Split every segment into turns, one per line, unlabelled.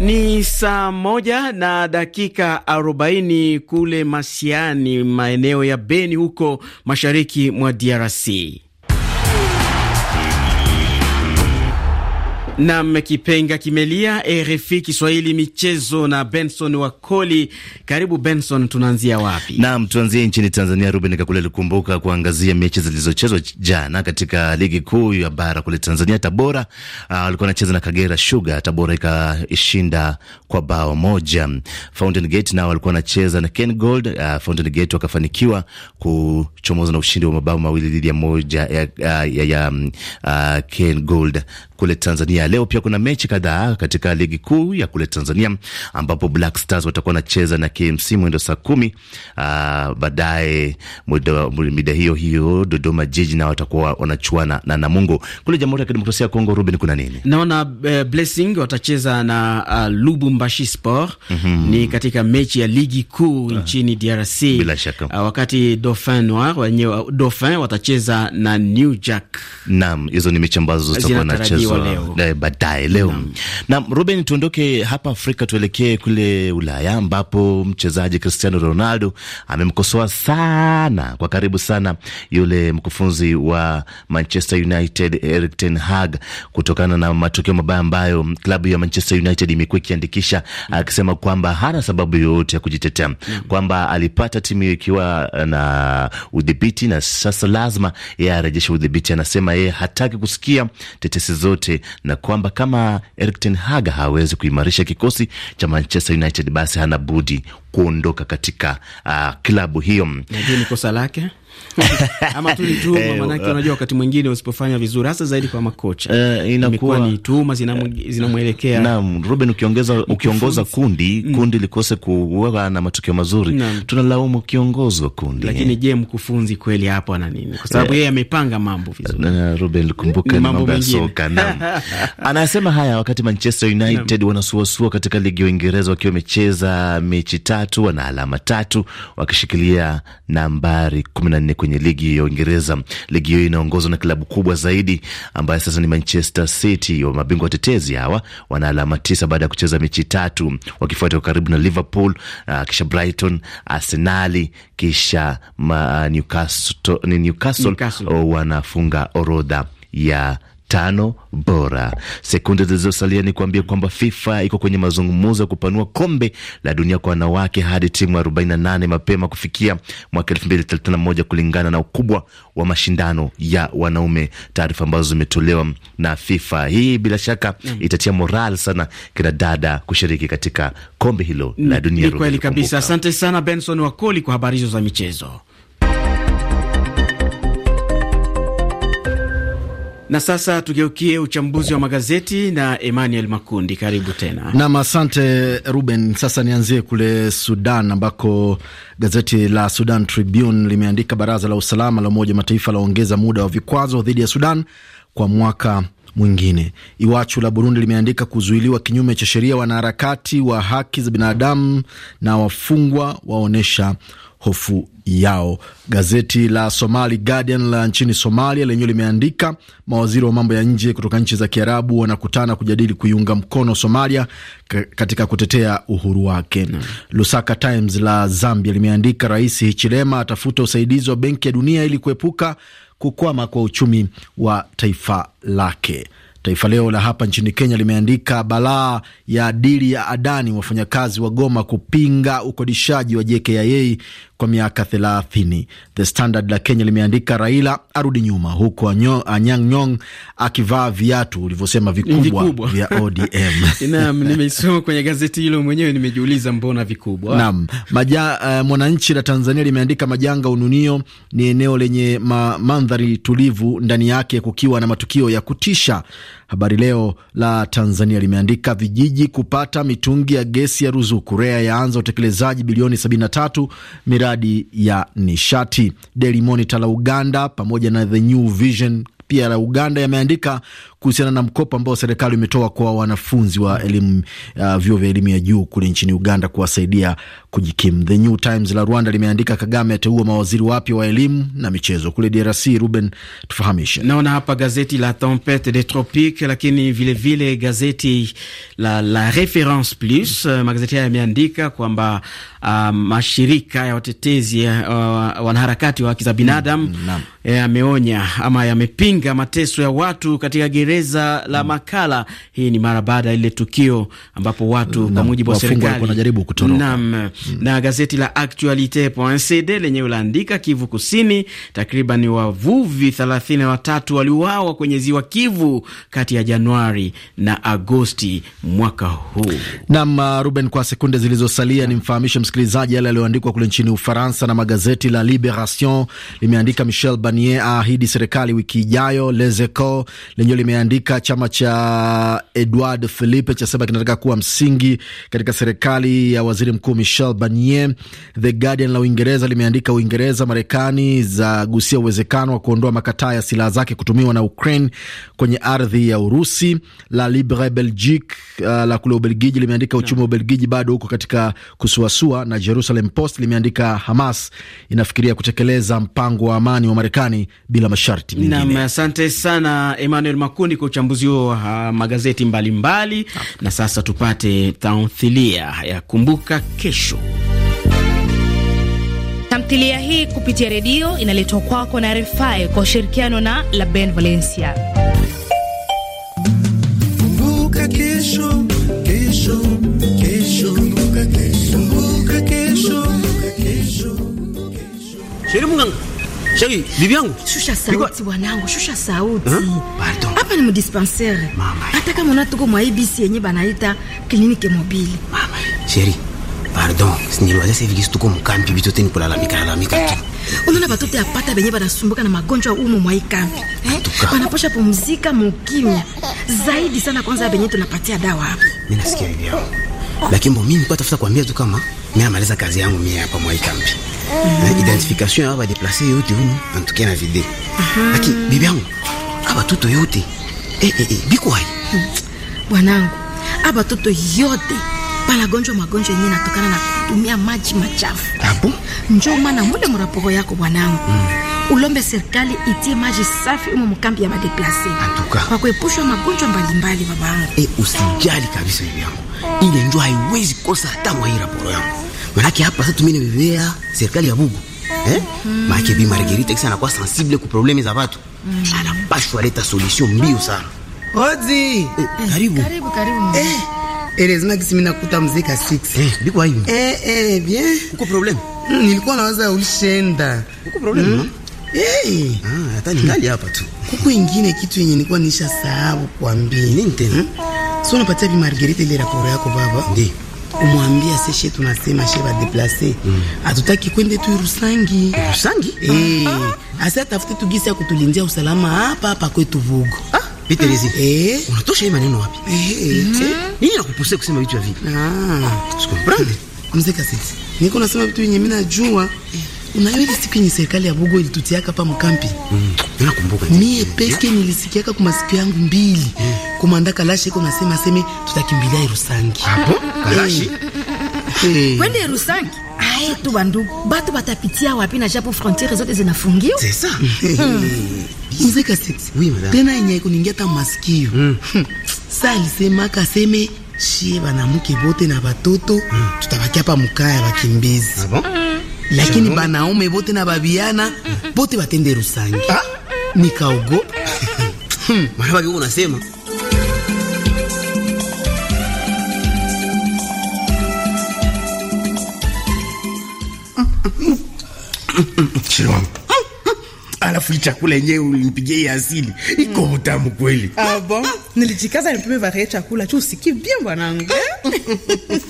Ni saa moja na dakika arobaini kule Masiani, maeneo ya Beni, huko mashariki mwa DRC. Nam kipenga kimelia. RFI Kiswahili michezo na Benson Wakoli. Karibu Benson, tunaanzia
wapi? Nam, tuanzie nchini Tanzania. Ruben Kakule alikumbuka kuangazia mechi zilizochezwa jana katika ligi kuu ya bara kule Tanzania. Tabora ah, walikuwa uh, anacheza na Kagera Sugar, Tabora ikashinda kwa bao moja. Fountain Gate nao walikuwa anacheza na Ken Gold. Uh, Fountain Gate wakafanikiwa kuchomoza na ushindi wa mabao mawili dhidi ya moja ya, ya, ya, ya uh, Ken Gold kule Tanzania. Leo pia kuna mechi kadhaa katika ligi kuu ya kule Tanzania ambapo Black Stars watakuwa wanacheza na KMC mwendo saa kumi. Uh, baadaye mida hiyo hiyo Dodoma Jiji na watakuwa wanachuana na Namungo. Kule Jamhuri ya Kidemokrasia ya Kongo, Ruben, kuna nini?
Naona uh, Blessing watacheza na uh, Lubumbashi Sport mm -hmm. Ni katika mechi ya ligi kuu ah, nchini uh, DRC bila shaka. Uh, wakati Dauphin Noir wenyewe Dauphin watacheza na New
Jack. Naam, hizo ni mechi ambazo zitakuwa na leo baadaye leo na Ruben, tuondoke hapa Afrika tuelekee kule Ulaya ambapo mchezaji Cristiano Ronaldo amemkosoa sana kwa karibu sana yule mkufunzi wa Manchester United Erik ten Hag kutokana na matokeo mabaya ambayo klabu ya Manchester United imekuwa ikiandikisha, akisema kwamba hana sababu yoyote ya kujitetea, mm. kwamba alipata timu ikiwa na udhibiti na sasa lazima yeye arejeshe udhibiti. Anasema yeye hataki kusikia tetesi zote yoyote, na kwamba kama Erik ten Hag hawezi kuimarisha kikosi cha Manchester United, basi hana budi kuondoka katika uh, klabu hiyo. ni kosa lake
ama tu ni tuhuma, eh, manake unajua wakati mwingine usipofanya vizuri hasa zaidi kwa makocha uh, inakuwa ni tuhuma eh, zinamwelekea.
Naam, Ruben, ukiongeza ukiongoza kundi mm, kundi likose kuwa na matokeo mazuri, tunalaumu kiongozi wa kundi. Lakini je, mkufunzi kweli hapo ana nini? Kwa sababu yeye yeah.
amepanga mambo
vizuri. Na Ruben, kumbuka ni mambo ya soka. Naam, anasema haya wakati Manchester United wanasuasua katika ligi ya Uingereza wakiwa wamecheza mechi tatu, wana alama tatu wakishikilia nambari kumi na nne kwenye ligi ya Uingereza. Ligi hiyo inaongozwa na klabu kubwa zaidi ambayo sasa ni Manchester City. Wa mabingwa watetezi hawa wana alama tisa baada ya kucheza mechi tatu, wakifuata kwa karibu na Liverpool, uh, kisha Brighton, Arsenali, kisha ma, uh, Newcastle, Newcastle, Newcastle. Oh, wanafunga orodha ya tano bora. Sekunde zilizosalia ni kuambia kwamba FIFA iko kwenye mazungumzo ya kupanua kombe la dunia kwa wanawake hadi timu 48 mapema kufikia mwaka 2031 kulingana na ukubwa wa mashindano ya wanaume, taarifa ambazo zimetolewa na FIFA. Hii bila shaka mm, itatia moral sana kina dada kushiriki katika kombe hilo la mm, dunia. Ni kweli
kabisa. Asante sana Benson Wakoli kwa habari hizo za michezo. Na sasa tugeukie uchambuzi wa magazeti na Emmanuel Makundi, karibu tena.
Nam, asante Ruben. Sasa nianzie kule Sudan ambako gazeti la Sudan Tribune limeandika baraza la usalama la Umoja Mataifa laongeza muda wa vikwazo dhidi ya Sudan kwa mwaka mwingine. Iwachu la Burundi limeandika kuzuiliwa kinyume cha sheria wanaharakati wa haki za binadamu na wafungwa waonyesha hofu yao. Gazeti la Somali Guardian la nchini Somalia lenyewe limeandika mawaziri wa mambo ya nje kutoka nchi za Kiarabu wanakutana kujadili kuiunga mkono Somalia katika kutetea uhuru wake. Mm. Lusaka Times la Zambia limeandika Rais Hichilema atafuta usaidizi wa Benki ya Dunia ili kuepuka kukwama kwa uchumi wa taifa lake. Taifa Leo la hapa nchini Kenya limeandika balaa ya dili ya Adani, wafanyakazi wa goma kupinga ukodishaji wa JKIA kwa miaka 30. The Standard la Kenya limeandika Raila arudi nyuma, huku Anyang' Nyong akivaa viatu ulivyosema vikubwa vya ODM.
Naam, nimeisoma kwenye gazeti hilo mwenyewe, nimejiuliza mbona vikubwa. Naam,
maja, uh, Mwananchi la Tanzania limeandika majanga ununio ni eneo lenye ma, mandhari tulivu, ndani yake kukiwa na matukio ya kutisha. Habari Leo la Tanzania limeandika vijiji kupata mitungi ya gesi ya ruzuku, REA yaanza utekelezaji bilioni 73 miradi miradi ya nishati. Daily Monitor la Uganda pamoja na The New Vision pia la Uganda yameandika kuhusiana na mkopo ambao serikali imetoa kwa wanafunzi wa elimu uh, vyuo vya elimu ya juu kule nchini Uganda kuwasaidia kujikimu. The New Times la Rwanda limeandika Kagame ateua mawaziri wapya wa elimu na michezo. Kule DRC, Ruben, tufahamishe.
Naona hapa gazeti la Tempete des Tropiques, lakini vilevile vile gazeti la, la Reference Plus, mm. magazeti haya yameandika kwamba uh, mashirika ya watetezi uh, wanaharakati wa haki za binadamu mm, eh, yameonya mm, ama yamepinga mateso ya watu katika gereza la mm. makala hii ni mara baada ya ile tukio ambapo watu kwa mujibu wa serikali wanajaribu kutoroka. na, mm. na gazeti la Actualite.cd lenyewe laandika Kivu Kusini, takriban wavuvi 33 waliuawa kwenye ziwa Kivu kati ya Januari na Agosti mwaka huu.
Naam, uh, Ruben, kwa sekunde zilizosalia nimfahamishe msikilizaji yale yaliyoandikwa kule nchini Ufaransa na magazeti la Liberation limeandika Michel Barnier ahidi serikali wiki ijayo. Les Echos lenyewe ameandika chama cha edward Philippe chasema kinataka kuwa msingi katika serikali ya waziri mkuu Michel Barnier. The Guardian la Uingereza limeandika Uingereza, Marekani za gusia uwezekano wa kuondoa makataa ya silaha zake kutumiwa na Ukraine kwenye ardhi ya Urusi. La Libre Belgique uh, la kule Ubelgiji limeandika uchumi wa Ubelgiji bado huko katika kusuasua, na Jerusalem Post limeandika Hamas inafikiria kutekeleza mpango wa amani wa Marekani bila masharti mengine.
Asante sana Emmanuel Makuni ni kwa uchambuzi huo wa magazeti mbalimbali mbali. Na sasa tupate tamthilia ya Kumbuka Kesho.
Tamthilia hii kupitia redio inaletwa kwako na RFI kwa ushirikiano na La Ben Valencia.
Kumbuka kesho, kesho, kesho, kumbuka kesho, kumbuka kesho, kumbuka kesho,
kesho. Chéri, bibi yangu. Shusha sauti bwanangu, shusha sauti. Pardon. Hapa ni mdispensaire. Mama. Hata kama unatuko mwa ABC yenye banaita
kliniki mobile. Mama.
Chéri. pardon. Siniwaza sasa hivi tuko mkampi vitu tena kulalamika lalamika
tu. Eh, unaona batote pata benye banasumbuka na magonjwa umo mwa ikambi. Eh? Wanaposha pumzika mukimya. Zaidi sana kwanza benye tunapatia dawa hapa.
Mimi nasikia hivyo. Lakini mimi nilikuwa tafuta kuambia tu kama mimi amaliza kazi yangu mimi hapa mwa ikambi na identification ya abadeplase yote humu antukia na vide
Aha. Laki bibi yangu
abatoto yote eh, eh, eh, biko hai
hmm. Bwanangu abatoto yote balagonjwa magonjwa yenye natokana na kutumia maji machafu apo, ah njo mana mule muraporo yako bwanangu hmm. Ulombe serikali itie maji safi umo mkambi ya badeplase antuka kwa kuepusha magonjwa mbalimbali babangu.
Eh, usijali kabisa bibi yangu, ile njo haiwezi kosa hata mwa hii raporo yangu Manake hapa sasa tumenebebea serikali ya bugu eh? mm. Maake Bi Margarita kisa anakuwa sensible ku problemi za watu mm. Anapashwa leta solution mbio sana. Ozi eh, karibu karibu karibu eh, elezima kisi mina kuta mzika 6 eh, biko hivi eh eh, bien uko problem mm, nilikuwa nawaza ulishenda uko problem mm. Eh, ah, hata ni ningali hapa tu kuko ingine kitu yenye nilikuwa nisha sahabu kuambia nini tena hmm? so unapatia Bi Margarita ile rakoro yako baba ndio Mwambia seshe, tunasema she badeplase mm. Hmm. Hatutaki kwende tu Rusangi, Rusangi eh, ah. asa tafute tu gisa kutulindia usalama hapa hapa kwetu Vugo. Ah, Biterezi eh, unatosha hii maneno wapi? Eh, eh, eh. Hmm. eh nini nakupuse kusema vitu vya vile? Ah, sikomprende mzee Kasiti, niko nasema vitu vyenye mimi najua eh. Unajua ile siku yenye serikali ya Bugo ilitutiaka hapa mkampi. Mm. Nakumbuka. Mie peke nilisikiaka kwa masikio yangu mbili. Mm. Komanda Kalashi iko nasema seme tutakimbilia Irusangi. Hapo Kalashi.
Hey. Kwende Irusangi. Ae tu bandugu.
Batu batapitia wapi na japo frontiere zote zinafungiwa? C'est ça. Mzee Kaseti. Oui, madame. Tena yenye iko ta masikio. Mm. Hm. Sasa alisema kaseme shie banamuke bote na batoto mm. hapa mkaya bakimbizi. Ah, bon? lakini mm-hmm. banaume bote na babiana mm-hmm. bote batende rusangi. Ah, nikaogopa mm-hmm. maraba unasema alafu chakula yenyewe ulinipigia asili iko mm. utamu kweli. Ah, bon ah, nilijikaza nipime varie chakula tu usikii bien bwanangu eh?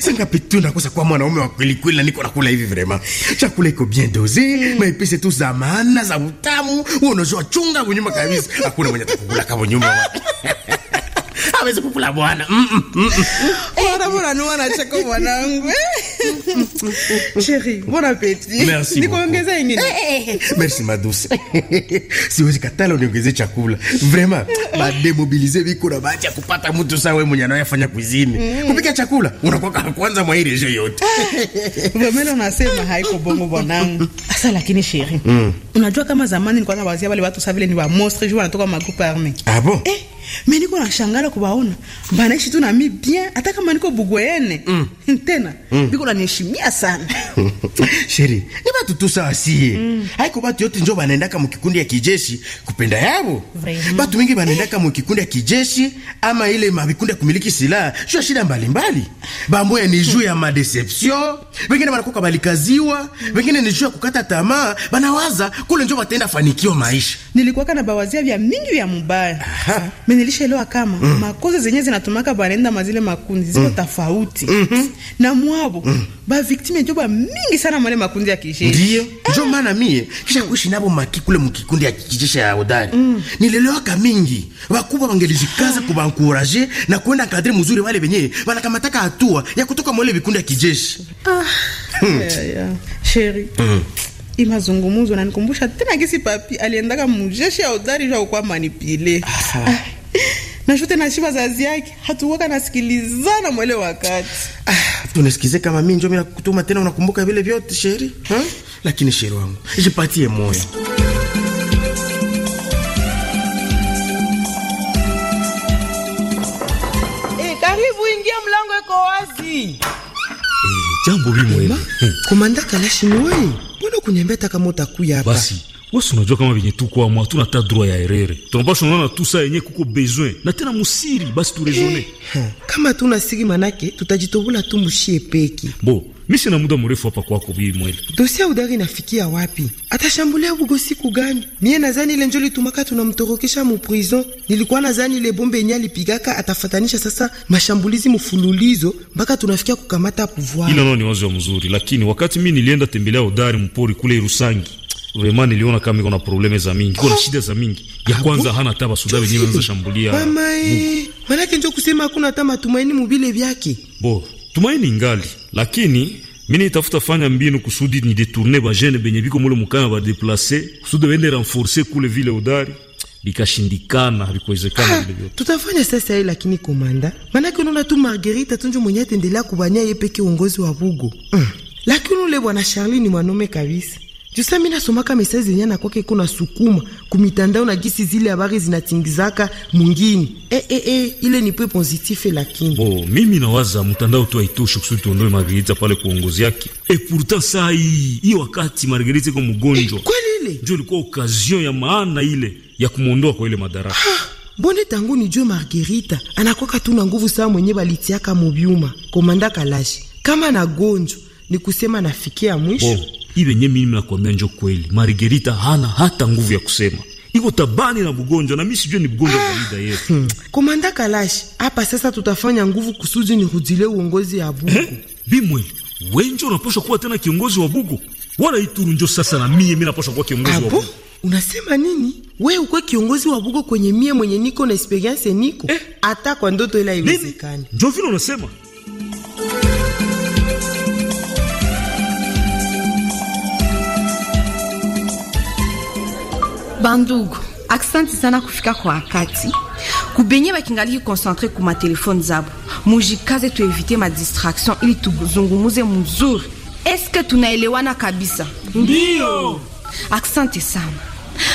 sangapi tu nakosa kwa mwanaume wa kweli kweli, na niko nakula hivi vrema, chakula iko bien dosé mm. maepese tu za maana za utamu, unajua chunga kunyuma kabisa, hakuna mwenye atakukula kama nyuma hawezi kukula bwana. Mm, mm, mm, oh, bwana bwana ni wana cheko mwanangu. Eh? Chérie, bon appétit. Merci. Nikuongeza ingine. Eh, eh,
Merci madusi. Siwezi katala uniongezee
chakula. Vraiment, ba demobiliser viko na bacha kupata mtu sawa wewe mwenye anayefanya kuzini. Kupika chakula unakuwa kwa kwanza mwa ile yote. Vumela unasema haiko bongo bwanangu. Sasa lakini chérie, unajua kama zamani nilikuwa nawazia wale watu sasa vile ni wa monstre juu wanatoka magrupa arme. Ah bon? Eh? me niko shangala kubaona banaishi tu nami bien, hata kama niko bugwene mm. tena mm. biko naniheshimia sana sheri ni batu tu sawa sie mm. haiko batu yote njo banaendaka mukikundi ya kijeshi kupenda yabo Vrema. batu wengi banaendaka mukikundi ya kijeshi ama ile mabikundi ya kumiliki silaha juu ya shida mbalimbali bamboya ni juu ya madeception wengine banakuka balikaziwa wengine ni juu ya kukata tamaa banawaza kule njo bataenda fanikio maisha nilikuwaka na bawazia vya mingi vya mubaya nilishaelewa kama mm. makosa zenye zinatumaka banaenda mazile makundi ziko mm. tofauti mm -hmm. na mwabo mm. ba victime njo ba mingi sana mwale makundi ya kijeshi eh. ndio njo ah. maana mie kisha kuishi nabo maki kule mkikundi ya kijeshi ya udari mm. ka mingi wakubwa wangelizikaza ah. Eh. kubankuraje na kuenda kadri mzuri wale wenyewe kama taka hatua ya kutoka mwale vikundi ya kijeshi ah.
hmm. yeah, yeah.
sheri mm imazungumuzo nanikumbusha tena kisi papi aliendaka mujeshi ya udari jwa ukwa manipile ah nashute na shiva zazi yake hatuwaka nasikilizana mwele wakati. Ah, tunisikize kama mi njo mimi kutuma tena, unakumbuka vile vyote sheri ha? Lakini sheri wangu jipatie moyo e, karibu ingia, mlango iko wazi e,
Jambo hili mwema komanda kalashi ni wewe, mbona kama utakuya hapa basi wewe unajua kama venye tu kwa mwa tuna ta droit ya erere Tunapaswa unaona tu saa yenyewe kuko besoin. Na tena musiri basi tu hey, eh, eh, Kama tuna siri manake tutajitobula tu mushie peki. Bo, misi na muda murefu hapa kwako bibi mwele.
Dosia udari inafikia wapi? Atashambulia bugo siku gani? Mie nadhani ile njoli tumaka tunamtorokesha mu Nilikuwa nadhani ile bombe yenyewe alipigaka atafatanisha sasa mashambulizi mfululizo mpaka tunafikia kukamata pouvoir. Ina
nani wazo mzuri, lakini wakati mi nilienda tembelea udari mpori kule Irusangi Vraiment niliona kama iko na probleme za mingi, iko na ah. shida za mingi. Ya ah, kwanza hana hata basuda wenyewe wanaanza shambulia. Mama, maana yake njoo kusema hakuna hata matumaini mubile vyake. Bo, tumaini ngali, lakini mimi nitafuta fanya mbinu kusudi ni detourner ba jeune benye biko mule mukana ba déplacer kusudi wende renforcer kule vile udari bikashindikana bikuwezekana ah, vile vyote.
Tutafanya sasa hili lakini komanda. Maana Manake unaona tu Marguerite tunjo mwenye atendelea kubania yeye peke uongozi wa Bugo. Mm. Lakini ule bwana Charlie ni mwanaume kabisa. Jusa mina somaka message zenye na kwake kuna sukuma kumitandao na gisi zile habari zinatingizaka mungini. Eh eh eh, ile ni pwe positif lakini. Bo,
mimi nawaza mtandao tu haitoshi kusudi tuondoe Margarita pale kuongozi yake. E pourtant saa hii, hii wakati Margarita iko mgonjwa. Eh, kweli ile? Ndio ilikuwa okazion ya maana ile ya kumuondoa kwa ile madaraka. Ah,
mbone tangu ni nijue Margarita anakwaka tu na nguvu sawa mwenye balitiaka mubyuma. Komanda Kalashi. Kama na gonjwa ni kusema nafikia mwisho. Bo
ile nye mimi nakwambia njo kweli. Marigerita hana hata nguvu ya kusema, iko tabani na mgonjwa na mimi sijui ni mgonjwa ah, kawaida yetu. Hmm.
Komanda Kalash, hapa sasa tutafanya nguvu kusudi
ni rudile uongozi ya Bugo. Eh, Bimweli, wenjo unaposha kuwa tena kiongozi wa Bugo wala Ituru, njo sasa na mie mimi naposha kuwa kiongozi Apo? wa Bugo.
Unasema nini? Wewe uko kiongozi wa Bugo kwenye mie mwenye niko na experience niko eh. hata eh, kwa ndoto ila iwezekani. Njo vile
unasema
Bandugu, aksanti sana kufika kwa wakati. Kubenye bakingaliki kikonsantre kuma telefone zabo, mujikaze tuevite madistraction ili tuzungumuze mzuri. Eske tunaelewana kabisa? Ndio. Aksante sana.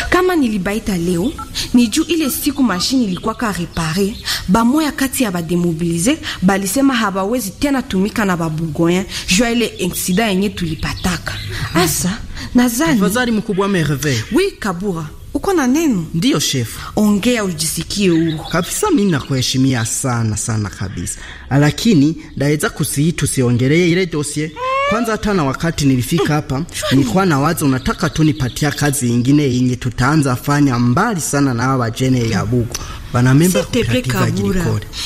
Kama nilibaita leo ni juu ile siku mashini ilikwaka repare, bamoya kati ya bademobilize balisema habawezi tena tumika na babugoyen jua ile insida yenye tulipataka. Asa nazani, mkubwa Merve. Oui, Kabura uko na neno? Ndiyo shefu,
ongea ujisikie huru kabisa. Mimi nakuheshimia sana sana kabisa, lakini daweza kusihi tusiongelee ile dosie kwanza hata na wakati nilifika hapa nilikuwa na wazo, nataka tu nipatia kazi nyingine yenye tutaanza fanya mbali sana na hawa jene ya buku banamemba kukatika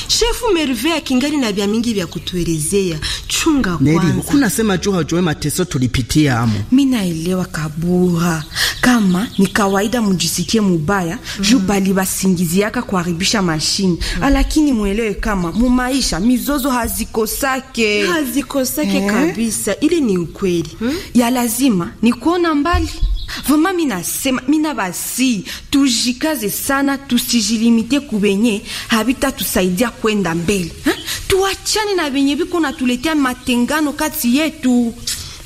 Shefu Merve akingali na vya mingi vya kutuelezea. Chunga kwanza.
kuna sema juu hujue mateso tulipitia amu
mina elewa kabura. Kama ni kawaida mjisikie mubaya, mm. juu bali basingiziaka kuharibisha mashini. Mm. alakini muelewe kama mumaisha mizozo hazikosake. Hazikosake eh? kabisa kabisa, ile ni ukweli hmm? ya lazima ni kuona mbali Vama minasema basi, tujikaze sana, tusijilimite kubenye tusaidia kwenda mbele. Tuachane na benye viko natuletea matengano kati yetu.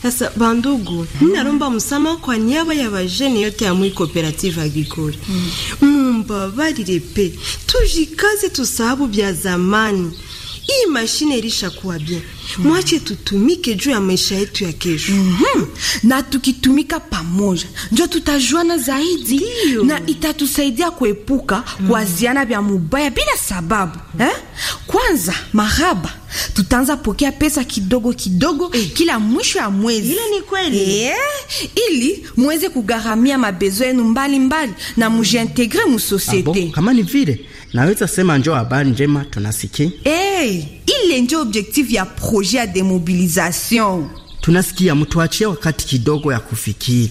Sasa bandugu, ninaromba hmm. msamaha kwa niaba ya bajene yote ya mwi cooperative agricole mumbabarire hmm. pe, tujikaze, tusahabu bya zamani. Hii mashine ilishakuwa bien mwache tutumike juu ya maisha yetu ya kesho mm -hmm. na tukitumika pamoja ndio tutajuana zaidi Dio. na itatusaidia kuepuka mm. kuaziana vya mubaya bila sababu mm. eh? Kwanza maraba tutaanza pokea pesa kidogo kidogo eh, kila mwisho ya mwezi. Ile ni kweli eh, ili muweze kugharamia mabezo yenu mbalimbali na mujiintegre mu ah Kama ni vile naweza sema, njo habari njema tunasikia eh ile ndio objektivu ya proje ya demobilization. Tunasikia wakati kidogo ya kufikiri.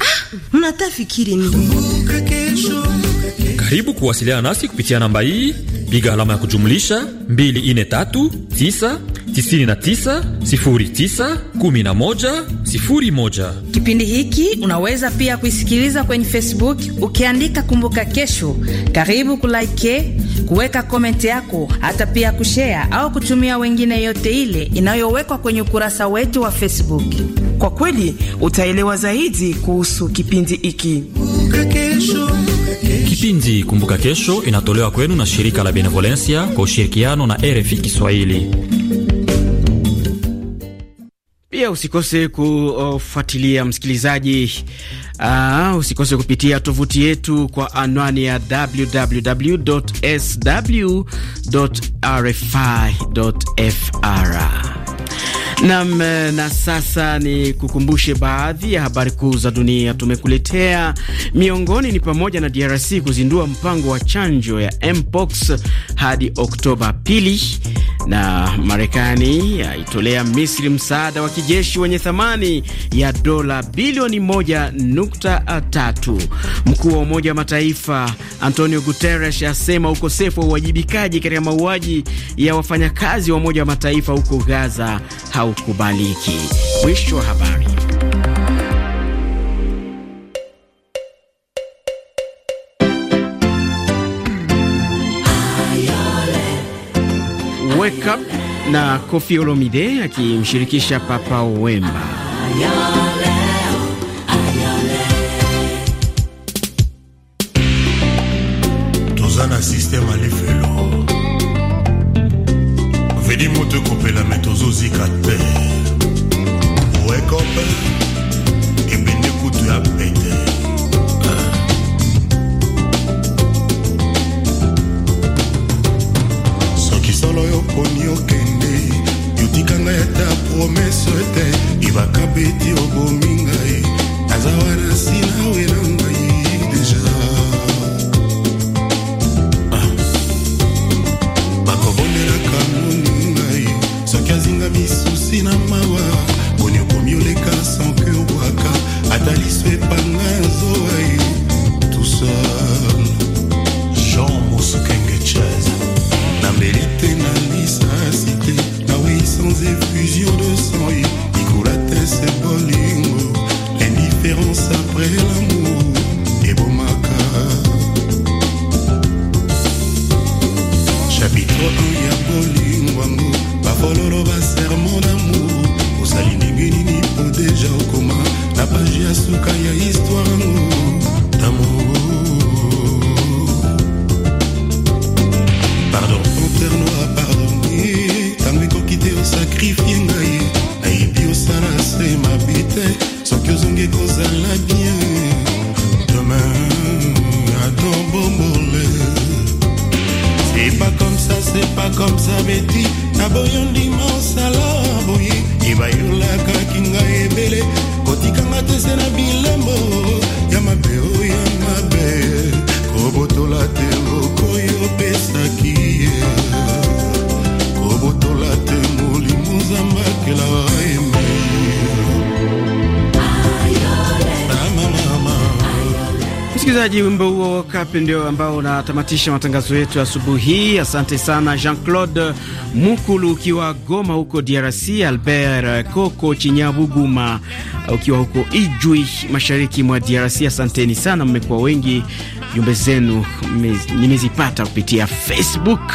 Ah, fikiri nini? Karibu
kuwasiliana nasi kupitia namba hii, piga alama ya kujumlisha 243999091101.
Kipindi hiki unaweza pia kuisikiliza kwenye Facebook ukiandika kumbuka kesho. Karibu kulike kuweka komenti yako, hata pia kushea au kutumia wengine yote ile inayowekwa kwenye ukurasa wetu wa Facebook. Kwa kweli utaelewa zaidi kuhusu kipindi hiki.
Kipindi Kumbuka Kesho inatolewa kwenu na shirika la Benevolencia kwa ushirikiano na RFI Kiswahili
pia usikose kufuatilia msikilizaji, Aa, ah, usikose kupitia tovuti yetu kwa anwani ya www.sw.rfi.fr. Nam, na sasa ni kukumbushe baadhi ya habari kuu za dunia tumekuletea. Miongoni ni pamoja na DRC kuzindua mpango wa chanjo ya mpox hadi Oktoba pili na Marekani yaitolea Misri msaada wa kijeshi wenye thamani ya dola bilioni 1.3. Mkuu wa Umoja wa Mataifa Antonio Guterres asema ukosefu wa uwajibikaji katika mauaji ya wafanyakazi wa Umoja wa Mataifa huko Gaza haukubaliki. Mwisho wa habari. Wake Up na Koffi Olomide akimshirikisha Papa Wemba.
toza na systeme alifelo veli moto ekopela me tozozika te wekop ebende kutu ya pete mokolo oyo poni okende yotika ngai ata promese te ibaka beti obomi ngai aza wana sinawe na ngai deja ah. bakobondelaka moni ngai soki azinga misusi na mawa sakrifie ngai ayebi osala se mabi te soki ozongi kozala bien demain adobombole c'est pas comme ça c'est pas comme ça beti naboyo ndima
Msikilizaji, wimbo huo kapi ndio ambao unatamatisha matangazo yetu asubuhi hii. Asante sana Jean Claude Mukulu ukiwa Goma huko DRC, Albert Koko Chinyabuguma ukiwa huko Ijwi mashariki mwa DRC. Asanteni sana, mmekuwa wengi. Jumbe zenu nimezipata kupitia Facebook.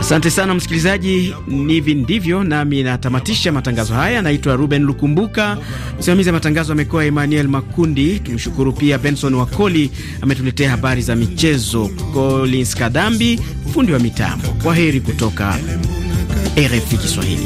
Asante sana msikilizaji, hivi ndivyo nami natamatisha matangazo haya. Naitwa Ruben Lukumbuka, msimamizi wa matangazo amekuwa Emmanuel Makundi. Tumshukuru pia Benson Wakoli ametuletea habari za michezo,
Collins Kadambi fundi wa mitambo. Kwa heri kutoka RFI Kiswahili.